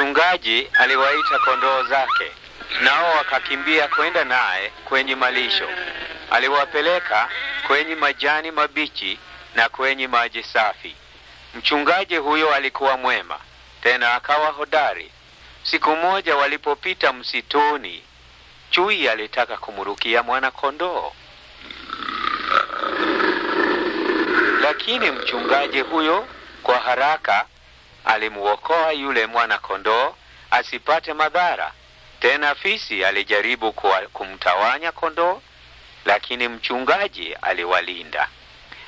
Mchungaji aliwaita kondoo zake, nao wakakimbia kwenda naye kwenye malisho. Aliwapeleka kwenye majani mabichi na kwenye maji safi. Mchungaji huyo alikuwa mwema, tena akawa hodari. Siku moja walipopita msituni, chui alitaka kumrukia mwana-kondoo, lakini mchungaji huyo kwa haraka alimuokoa yule mwana-kondoo asipate madhara. Tena fisi alijaribu kumtawanya kondoo, lakini mchungaji aliwalinda.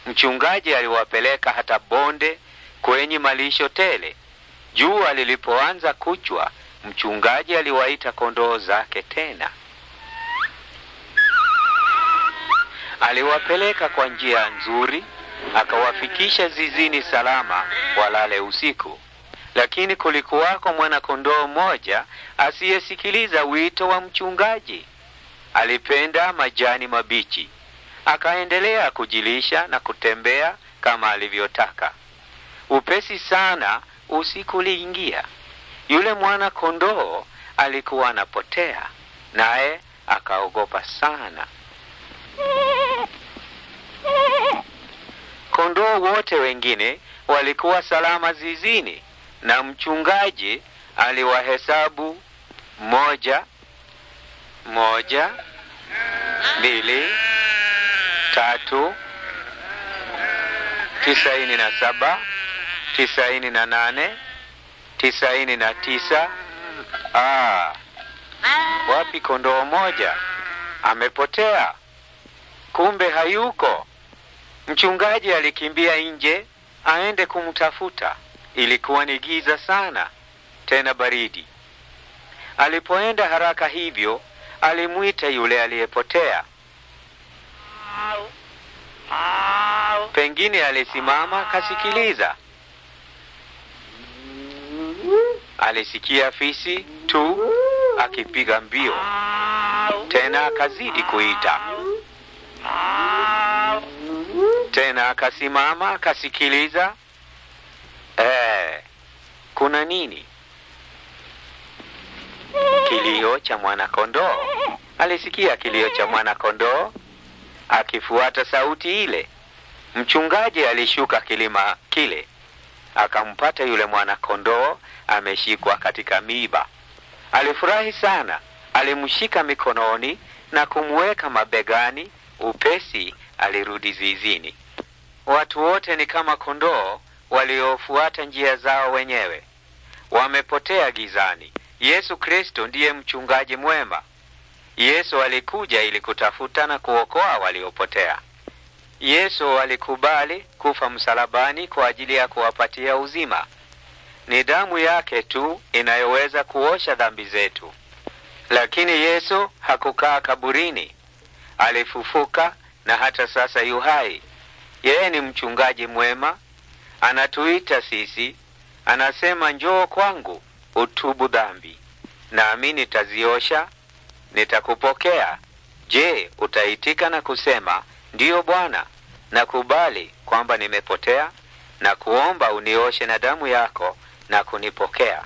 Mchungaji aliwapeleka hata bonde kwenye malisho tele. Jua lilipoanza kuchwa, mchungaji aliwaita kondoo zake tena. Aliwapeleka kwa njia nzuri akawafikisha zizini salama walale usiku. Lakini kulikuwako mwanakondoo mmoja asiyesikiliza wito wa mchungaji. Alipenda majani mabichi, akaendelea kujilisha na kutembea kama alivyotaka. Upesi sana usiku uliingia, yule mwana kondoo alikuwa anapotea, naye akaogopa sana. kondoo wote wengine walikuwa salama zizini, na mchungaji aliwahesabu moja moja, mbili, tatu, tisaini na saba, tisaini na nane, tisaini na tisa. Ah, wapi kondoo moja? Amepotea, kumbe hayuko. Mchungaji alikimbia nje aende kumtafuta. Ilikuwa ni giza sana, tena baridi. Alipoenda haraka hivyo, alimwita yule aliyepotea. Pengine alisimama kasikiliza. Alisikia fisi tu akipiga mbio, tena akazidi kuita. tena akasimama akasikiliza, eh, kuna nini? Kilio cha mwanakondoo. Alisikia kilio cha mwanakondoo akifuata sauti ile. Mchungaji alishuka kilima kile akampata yule mwanakondoo ameshikwa katika miiba. Alifurahi sana, alimshika mikononi na kumweka mabegani. Upesi alirudi zizini. Watu wote ni kama kondoo waliofuata njia zao wenyewe, wamepotea gizani. Yesu Kristo ndiye mchungaji mwema. Yesu alikuja ili kutafuta na kuokoa waliopotea. Yesu alikubali kufa msalabani kwa ajili ya kuwapatia uzima. Ni damu yake tu inayoweza kuosha dhambi zetu. Lakini Yesu hakukaa kaburini, alifufuka na hata sasa yu hai. Yeye ni mchungaji mwema, anatuita sisi, anasema njoo kwangu utubu dhambi, nami nitaziosha, nitakupokea. Je, utaitika na kusema ndiyo Bwana, nakubali kwamba nimepotea, na kuomba unioshe na damu yako na kunipokea?